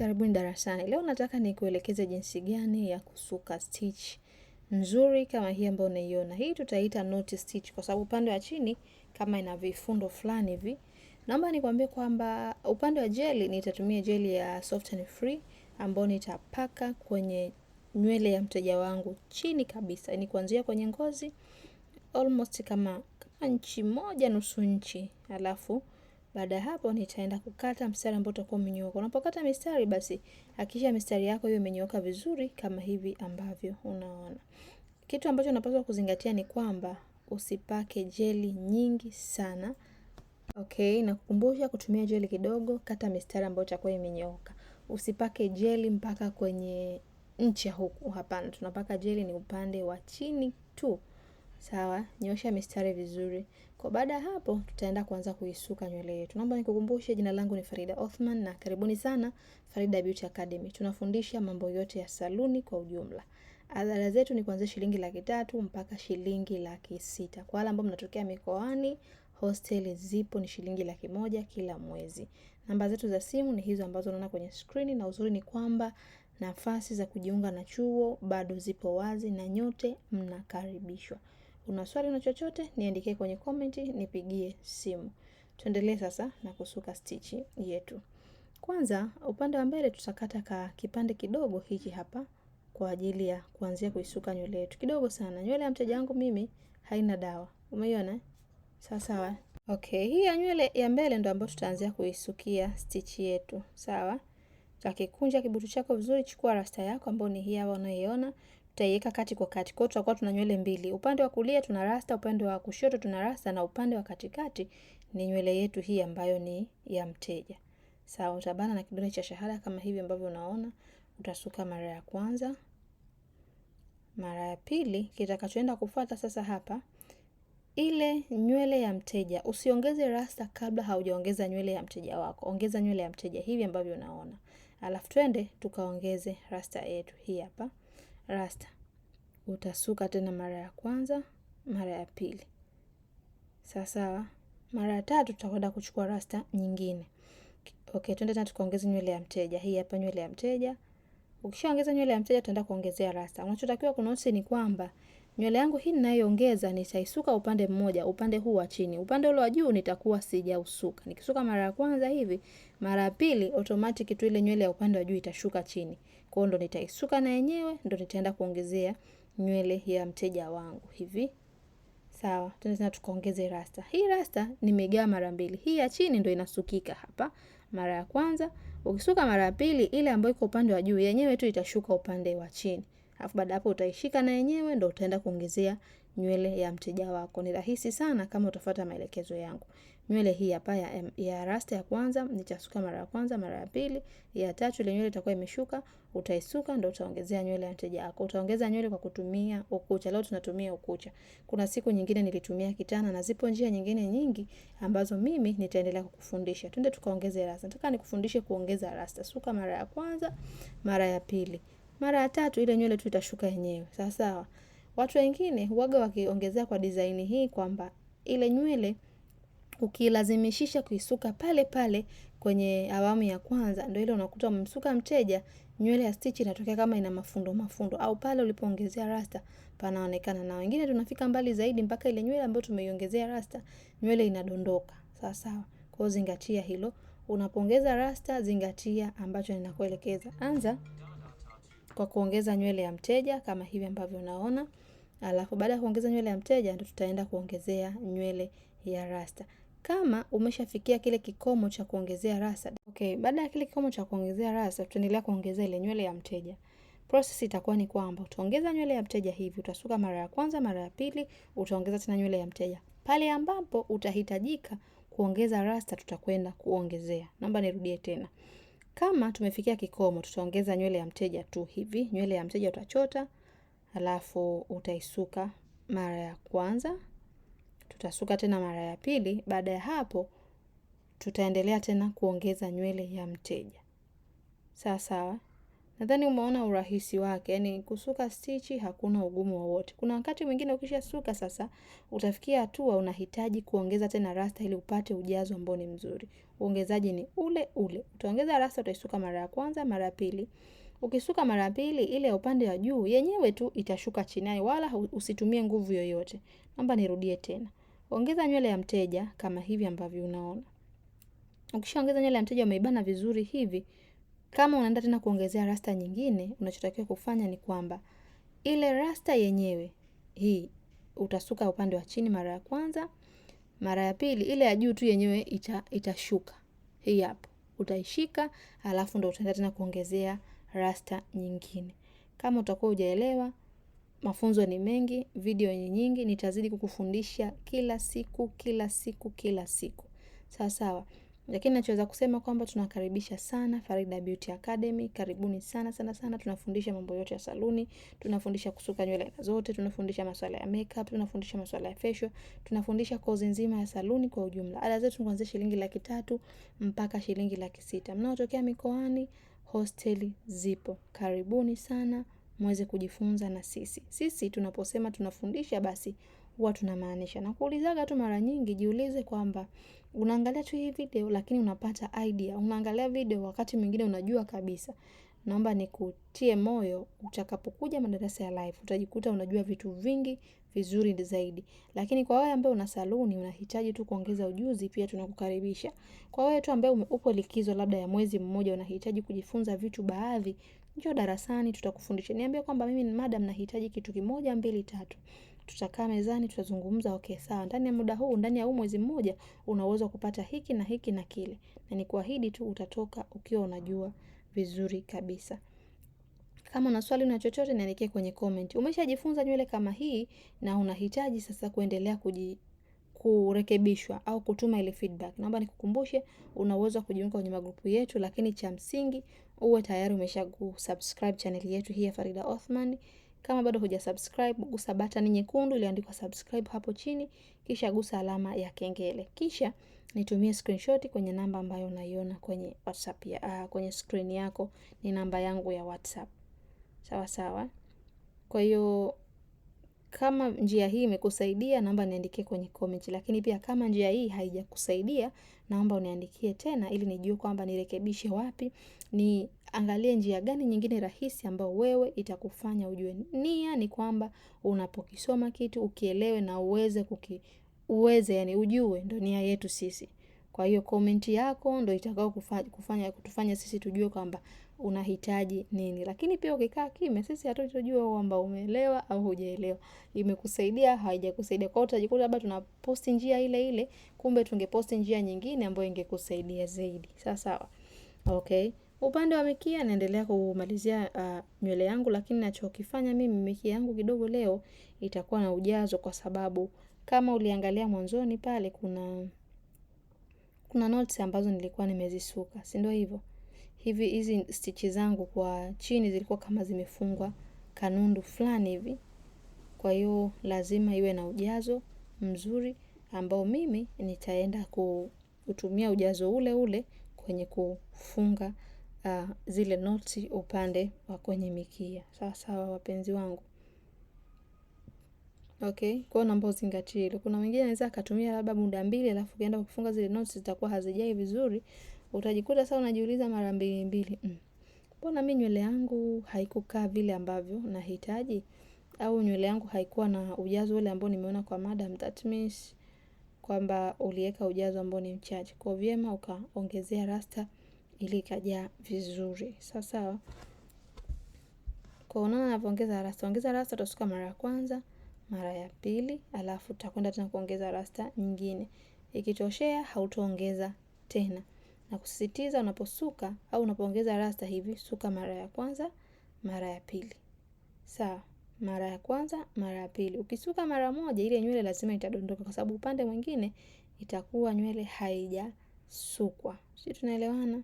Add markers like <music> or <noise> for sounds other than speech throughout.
Karibuni darasani. Leo nataka nikuelekeze jinsi gani ya kusuka stitch nzuri kama hii ambayo unaiona. Hii tutaita knot stitch kwa sababu upande wa chini kama ina vifundo fulani hivi. Naomba nikwambie kwamba upande wa jeli nitatumia jeli ya Soft and Free ambayo nitapaka kwenye nywele ya mteja wangu chini kabisa, ni kuanzia kwenye ngozi almost kama kama nchi moja nusu nchi, alafu baada ya hapo nitaenda kukata mstari ambao utakuwa umenyooka. Unapokata mistari, basi hakikisha mistari yako hiyo imenyooka vizuri kama hivi ambavyo unaona. Kitu ambacho unapaswa kuzingatia ni kwamba usipake jeli nyingi sana. Okay, nakukumbusha kutumia jeli kidogo, kata mistari ambayo itakuwa imenyooka. Usipake jeli mpaka kwenye ncha huku, hapana. Tunapaka jeli ni upande wa chini tu. Sawa, nyosha mistari vizuri. Kwa baada ya hapo tutaenda kuanza kuisuka nywele yetu. Naomba nikukumbushe jina langu ni Farida Othman na karibuni sana Farida Beauty Academy. Tunafundisha mambo yote ya saluni kwa ujumla. Adhara zetu ni kuanzia shilingi laki tatu mpaka shilingi laki sita. Kwa wale ambao mnatokea mikoani, hosteli zipo ni shilingi laki moja kila mwezi. Namba zetu za simu ni hizo ambazo unaona kwenye skrini na uzuri ni kwamba nafasi za kujiunga na chuo bado zipo wazi na nyote mnakaribishwa una swali na chochote, niandikie kwenye comment, nipigie simu. Tuendelee sasa na kusuka stichi yetu. Kwanza upande wa mbele tutakata ka kipande kidogo hiki hapa kwa ajili ya kuanzia kuisuka nywele yetu kidogo sana. Nywele ya mteja wangu mimi haina dawa, umeiona sawa sawa. Okay, hii ya nywele ya mbele ndo ambayo tutaanzia kuisukia stitch yetu, sawa. Takikunja kibutu chako vizuri, chukua rasta yako ambayo ni hii hapa unayoiona, tutaiweka kati kwa kati. Kwa hiyo tutakuwa tuna nywele mbili, upande wa kulia tuna rasta, upande wa kushoto tuna rasta, na upande wa katikati ni nywele yetu hii ambayo ni ya mteja. Sawa, utabana na kidole cha shahada kama hivi ambavyo unaona, utasuka mara ya kwanza, mara ya pili. Kitakachoenda kufuata sasa hapa ile nywele ya mteja. Usiongeze rasta kabla haujaongeza nywele ya mteja wako, ongeza nywele ya mteja hivi ambavyo unaona, alafu twende tukaongeze rasta yetu hii hapa rasta. Utasuka tena mara ya kwanza, mara ya pili, sawasawa. Mara ya tatu tutakwenda kuchukua rasta nyingine. Okay, twende tena tukaongeze nywele ya mteja. Hii hapa nywele ya mteja. Ukishaongeza nywele ya mteja, tutaenda kuongezea rasta. Unachotakiwa kunosi ni kwamba Nywele yangu hii ninayoongeza nitaisuka upande mmoja, upande huu wa chini. Upande ule wa juu nitakuwa sijausuka. Nikisuka mara ya kwanza hivi, mara ya pili automatic tu ile nywele ya upande wa juu itashuka chini. Kwa hiyo ndo nitaisuka na yenyewe, ndo nitaenda kuongezea nywele ya mteja wangu hivi. Sawa, tunataka tukaongeze rasta. Hii rasta nimegawa mara mbili. Hii ya chini ndo inasukika hapa mara ya kwanza. Ukisuka mara ya pili, ile ambayo iko upande wa juu yenyewe tu itashuka upande wa chini. Alafu baada hapo utaishika na yenyewe ndio utaenda kuongezea nywele ya mteja wako. Ni rahisi sana kama utafuata maelekezo yangu. Nywele hii hapa ya, ya rasta ya kwanza nitasuka mara ya kwanza, mara ya pili, ya tatu ile nywele itakuwa imeshuka, utaisuka ndio utaongezea nywele ya mteja wako. Utaongeza nywele kwa kutumia ukucha. Leo tunatumia ukucha. Kuna siku nyingine nilitumia kitana na zipo njia nyingine nyingi ambazo mimi nitaendelea kukufundisha. Twende tukaongeze rasta. Nataka nikufundishe kuongeza rasta. Suka mara ya kwanza, mara ya pili mara ya tatu ile nywele tu itashuka yenyewe, sawa sawa. Watu wengine huaga wakiongezea kwa design hii kwamba ile nywele ukilazimishisha kuisuka pale pale kwenye awamu ya kwanza, ndio ile unakuta umemsuka mteja nywele ya stitch inatokea kama ina mafundo mafundo, au pale ulipoongezea rasta panaonekana. Na wengine tunafika mbali zaidi mpaka ile nywele ambayo tumeiongezea rasta nywele inadondoka, sawa sawa. Kwa hiyo zingatia hilo, unapongeza rasta, zingatia ambacho ninakuelekeza. Anza kwa kuongeza nywele ya mteja kama hivi ambavyo unaona. Alafu baada ya kuongeza nywele ya mteja ndio tutaenda kuongezea nywele ya rasta. Kama umeshafikia kile kikomo cha kuongezea rasta. Okay, baada ya kile kikomo cha kuongezea rasta tutaendelea kuongeza ile nywele ya mteja. Process itakuwa ni kwamba utaongeza nywele ya mteja hivi, utasuka mara ya kwanza, mara ya pili, utaongeza tena nywele ya mteja. Pale ambapo utahitajika kuongeza rasta tutakwenda kuongezea. Naomba nirudie tena. Kama tumefikia kikomo, tutaongeza nywele ya mteja tu hivi. Nywele ya mteja utachota, alafu utaisuka mara ya kwanza, tutasuka tena mara ya pili. Baada ya hapo, tutaendelea tena kuongeza nywele ya mteja sawa sawa. Nadhani umeona urahisi wake, yani kusuka stichi hakuna ugumu wowote. Kuna wakati mwingine ukishasuka sasa, utafikia hatua unahitaji kuongeza tena rasta ili upate ujazo ambao ni mzuri. Uongezaji ni ule ule, utaongeza rasta, utaisuka mara ya kwanza, mara ya pili. Ukisuka mara ya pili, ile ya upande wa juu yenyewe tu itashuka chini, yani wala usitumie nguvu yoyote. Naomba nirudie tena, ongeza nywele ya mteja kama hivi ambavyo unaona. Ukishaongeza nywele ya mteja umeibana vizuri hivi, kama unaenda tena kuongezea rasta nyingine, unachotakiwa kufanya ni kwamba ile rasta yenyewe hii utasuka upande wa chini mara ya kwanza, mara ya pili ile ya juu tu yenyewe ita, itashuka hii hapo, utaishika alafu ndo utaenda tena kuongezea rasta nyingine. Kama utakuwa hujaelewa, mafunzo ni mengi, video ni nyingi, nitazidi kukufundisha kila siku kila siku kila siku, sawa sawa lakini nachoweza kusema kwamba tunakaribisha sana Farida Beauty Academy. Karibuni sana sana sana, tunafundisha mambo yote ya saluni, tunafundisha kusuka nywele zote, tunafundisha masuala ya makeup, tunafundisha masuala ya facial, tunafundisha kozi nzima ya saluni kwa ujumla. Ada zetu kuanzia shilingi laki tatu mpaka shilingi laki sita. Mnaotokea mikoani, hosteli zipo, karibuni sana mweze kujifunza na sisi. Sisi tunaposema tunafundisha, basi huwa tunamaanisha. Nakuulizaga tu mara nyingi, jiulize kwamba unaangalia tu hii video, lakini unapata idea. Unaangalia video wakati mwingine unajua kabisa. Naomba nikutie moyo, utakapokuja madarasa ya live utajikuta unajua vitu vingi vizuri zaidi. Lakini kwa wewe ambaye una saluni unahitaji tu kuongeza ujuzi, pia tunakukaribisha. Kwa wewe tu ambaye upo likizo labda ya mwezi mmoja, unahitaji kujifunza vitu baadhi, njoo darasani, tutakufundisha. Niambie kwamba mimi madam, nahitaji kitu kimoja, mbili, tatu tutakaa mezani, tutazungumza, okay, sawa, ndani ya muda huu, ndani ya huu mwezi mmoja, una uwezo kupata hiki na hiki na kile, na nikuahidi tu utatoka ukiwa unajua vizuri kabisa. Kama una swali na chochote, niandikie kwenye comment. Umeshajifunza nywele kama hii na unahitaji sasa kuendelea kuji kurekebishwa au kutuma ile feedback, naomba nikukumbushe, una uwezo wa kujiunga kwenye magrupu yetu, lakini cha msingi uwe tayari umesha kusubscribe channel yetu hii ya Farida Othman. Kama bado hujasubscribe, gusa batani nyekundu iliyoandikwa subscribe hapo chini, kisha gusa alama ya kengele, kisha nitumie screenshot kwenye namba ambayo unaiona kwenye WhatsApp ya, uh, kwenye screen yako ni namba yangu ya WhatsApp. Sawa sawa. Kwa hiyo kama njia hii imekusaidia, naomba niandikie kwenye comment, lakini pia kama njia hii haijakusaidia naomba uniandikie tena ili nijue kwamba nirekebishe wapi, niangalie njia gani nyingine rahisi ambayo wewe itakufanya ujue. Nia ni kwamba unapokisoma kitu ukielewe na uweze kuki uweze yani ujue, ndo nia yetu sisi. Kwa hiyo komenti yako ndo itakao kufanya kutufanya sisi tujue kwamba unahitaji nini. Lakini pia ukikaa kimya, sisi hatutojua kwamba umeelewa au hujaelewa, imekusaidia haijakusaidia. Kwa hiyo utajikuta labda tuna posti njia ile ile, kumbe tungeposti njia nyingine ambayo ingekusaidia zaidi. Sawa sawa, okay. Upande wa mikia naendelea kumalizia uh, nywele yangu, lakini nachokifanya mimi mikia yangu kidogo leo itakuwa na ujazo, kwa sababu kama uliangalia mwanzoni pale kuna kuna notes ambazo nilikuwa nimezisuka, si ndio hivyo? hivi hizi stichi zangu kwa chini zilikuwa kama zimefungwa kanundu fulani hivi. Kwa hiyo lazima iwe na ujazo mzuri ambao mimi nitaenda kutumia ujazo ule ule kwenye kufunga uh, zile noti upande wa kwenye mikia. Sawa sawa wapenzi wangu. Okay, kwa namba uzingatie hilo. Kuna mwingine anaweza akatumia labda muda mbili alafu kienda kufunga zile notes zitakuwa hazijai vizuri utajikuta sasa unajiuliza mara mbili mbili, mm, mbona mm, mimi nywele yangu haikukaa vile ambavyo nahitaji, au nywele yangu haikuwa na ujazo ule ambao nimeona kwa madam, that means kwamba uliweka ujazo ambao ni mchache, kwa vyema ukaongezea rasta ili ikajaa vizuri, Sasa Kwa unaona navyoongeza rasta, ongeza rasta utasuka mara ya kwanza, mara ya pili, alafu utakwenda tena kuongeza rasta nyingine. Ikitoshea hautaongeza tena na kusisitiza unaposuka au unapoongeza rasta hivi, suka mara ya kwanza, mara ya pili. Sawa, mara ya kwanza, mara ya pili. Ukisuka mara moja, ile nywele lazima itadondoka, kwa sababu upande mwingine itakuwa nywele haijasukwa. Sisi tunaelewana?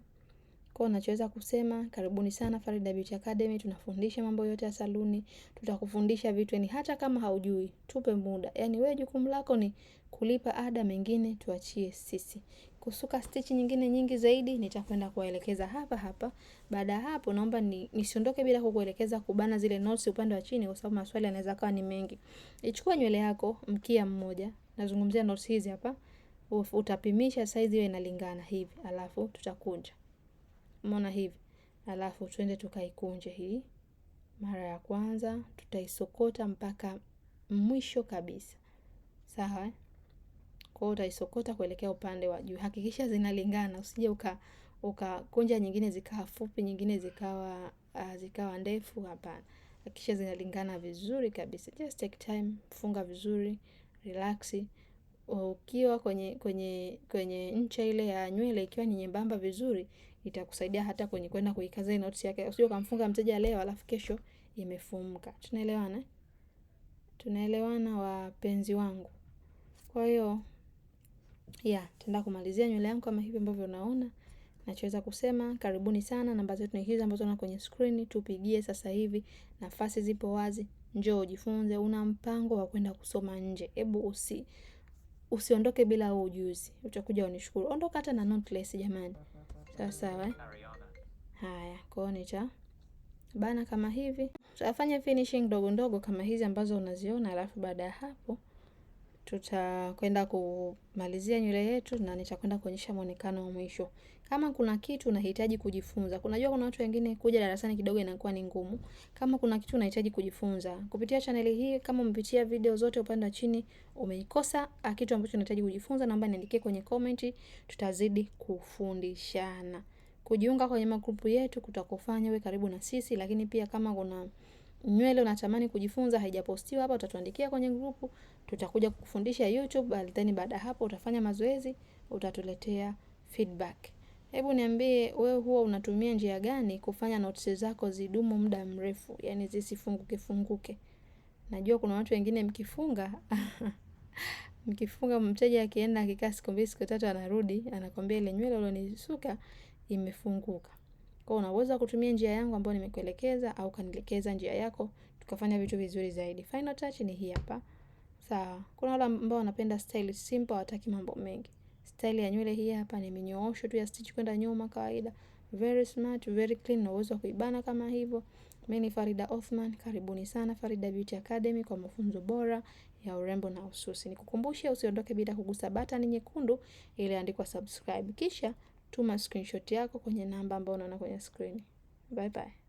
Kwa unachoweza kusema karibuni sana Farida Beauty Academy. Tunafundisha mambo yote ya saluni, tutakufundisha vitu yani, hata kama haujui tupe muda, yani wewe jukumu lako ni kulipa ada, mengine tuachie sisi kusuka stitch nyingine nyingi zaidi nitakwenda kuwaelekeza hapa hapa. Baada ya hapo, naomba ni, nisiondoke bila kukuelekeza kubana zile knots upande wa chini, kwa sababu maswali yanaweza kawa ni mengi. Ichukua nywele yako mkia mmoja, nazungumzia knots hizi hapa, utapimisha size iwe inalingana hivi, alafu tutakunja. Umeona hivi, alafu twende tukaikunje hii. Mara ya kwanza tutaisokota mpaka mwisho kabisa, sawa. Eh? kwao utaisokota kuelekea upande wa juu. Hakikisha zinalingana, usije uka ukakunja nyingine zikawa fupi, nyingine zikawa uh, zikawa ndefu. Hapana, hakikisha zinalingana vizuri kabisa. Just take time, funga vizuri, relax. Ukiwa kwenye kwenye kwenye ncha ile ya nywele ikiwa ni nyembamba vizuri, itakusaidia hata kwenye kwenda kuikaza notes yake. Usije ukamfunga mteja leo alafu kesho imefumka Tunaelewana? Tunaelewana wapenzi wangu. Kwa hiyo ya tenda kumalizia nywele yangu kama hivi ambavyo unaona. Nachoweza kusema karibuni sana, namba zetu ni hizi ambazo unaona kwenye skrini. Tupigie sasa hivi, nafasi zipo wazi. Njoo ujifunze. Una mpango wa kwenda kusoma nje, hebu usi usiondoke bila huu ujuzi, utakuja unishukuru. Ondoka hata na notless jamani, sawa sawa eh? Haya, kwao cha bana kama hivi, utafanya finishing ndogo ndogo kama hizi ambazo unaziona, alafu baada ya hapo tutakwenda kumalizia nywele yetu na nitakwenda kuonyesha muonekano wa mwisho. Kama kuna kitu unahitaji kujifunza, unajua kuna watu wengine kuja darasani kidogo inakuwa ni ngumu. Kama kuna kitu unahitaji kujifunza kupitia chaneli hii, kama umepitia video zote upande wa chini umeikosa ah, kitu ambacho unahitaji kujifunza, naomba niandikie kwenye komenti, tutazidi kufundishana. Kujiunga kwenye magrupu yetu kutakufanya uwe karibu na sisi, lakini pia kama kuna nywele unatamani kujifunza, haijapostiwa hapa, utatuandikia kwenye grupu, tutakuja kukufundisha YouTube, bali then baada hapo utafanya mazoezi, utatuletea feedback. Hebu niambie wewe huwa unatumia njia gani kufanya notes zako zidumu muda mrefu, yani zisifunguke funguke? Najua kuna watu wengine mkifunga <laughs> mkifunga, mteja akienda akikaa siku mbili siku tatu, anarudi anakwambia ile nywele ulionisuka imefunguka. Kwa unaweza kutumia njia yangu ambayo nimekuelekeza au kanielekeza njia yako tukafanya vitu vizuri zaidi. Final touch ni hii hapa. Sawa. Kuna wale ambao wanapenda style simple hawataki mambo mengi. Style ya nywele hii hapa ni minyoosho tu ya stitch kwenda nyuma kawaida. Very smart, very clean na uwezo kuibana kama hivyo. Mimi ni Farida Othman, karibuni sana Farida Beauty Academy kwa mafunzo bora ya urembo na ususi. Nikukumbushe usiondoke bila kugusa button nyekundu ile iliyoandikwa subscribe. Kisha tuma screenshot yako kwenye namba ambayo unaona kwenye screen. Bye bye.